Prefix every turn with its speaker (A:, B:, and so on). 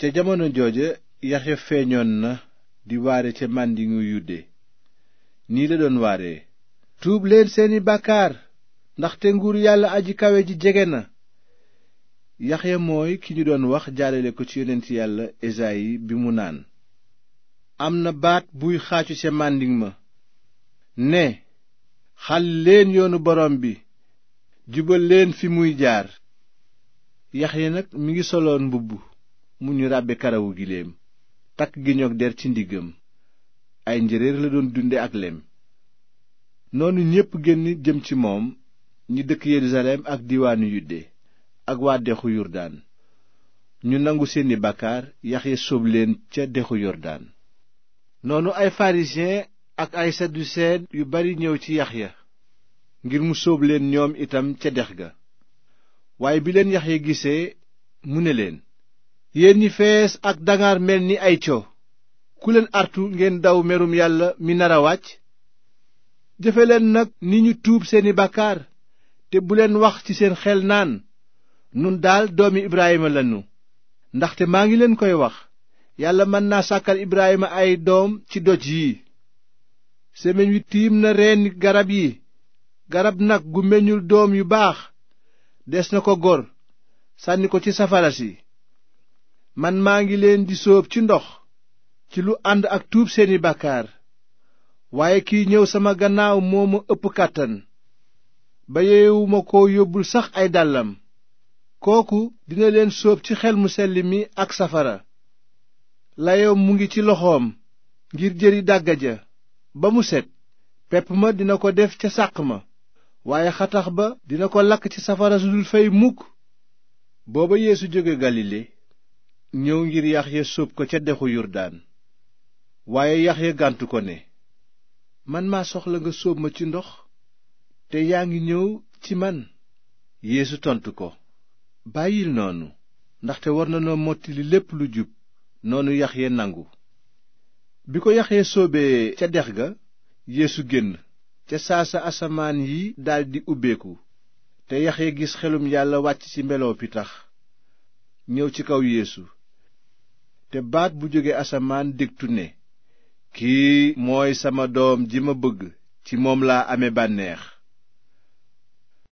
A: ca jamono jooja yaxya feeñoon na di waare ca màndingu yude nii la doon waare tuub leen seeni bàkkaar ndaxte nguur yàlla aji kawe ji jege na yax ya mooy ki ñu doon wax jaarale ko ci yonent yàlla esayi bi mu naan am na baat buy xaacu ca màndiŋ ma ne xal leen yoonu borom bi jubal leen fi muy jaar yi nag mi ngi soloon mbubb mu ñu ràbbe karawu giléem takk gi giñoog der ci ndiggam ay njéeréer la doon dunde ak lem noonu ñépp génn jëm ci moom ñu dëkk Yerusalem ak diiwaanu Yude ak waa dexu Yordaan ñu nangu seeni bàkkaar yax sóob leen ca dexu Yordaan noonu ay pharisien ak ay sadduseen yu bari ñëw ci ya ngir mu sóob ñoom itam ca dex ga waaye bi leen Yaxya gisee mu ne leen yéen ñi fees ak dangaar mel ni ay co ku leen artu ngeen daw merum yàlla mi nar a wàcc jëfe leen nag ni ñu tuub seeni bàkkaar te bu leen wax ci seen xel naan nun daal doomi ibraayima lanu ndaxte maa ngi leen koy wax yàlla mën naa sàkkal ibraayima ay doom ci doj yi semeñ wi tiim na reeni garab yi garab nag gu meññul doom yu baax des na ko gor sànni ko ci safara si man maa ngi leen di sóob ci ndox ci lu ànd ak tuub seeni bàkkaar waaye kiy ñëw sama gannaaw moo ma ëpp kàttan ba yeewuma ko yóbbul sax ay dàllam kooku dina leen sóob ci xel mu selli mi ak safara layoom mu ngi ci loxoom ngir jëri dàggaja ba mu set pepp ma dina ko def ca sàq ma waaye xatax ba dina ko lakk ci safara su dul fey mukk booba Yeesu jóge Galile ñëw ngir Yaxya sóob ko ca dexu Yordaan waaye Yaxya gàntu ko ne man maa soxla nga sóob ma ci ndox te yaa ngi ñëw ci man yéesu tontu ko bàyyil noonu ndaxte war na noo mottili lépp lu jub noonu yee nangu bi ko Yaxya soobee ca dex ga yéesu génn ca saasa asamaan yi daldi ubbeeku te Yaxya gis xelum Yàlla wàcc ci mbelow pitax ñëw ci kaw yéesu te baat bu jóge asamaan digtu ne kii mooy sama doom ji ma bëgg ci moom laa ame bànneex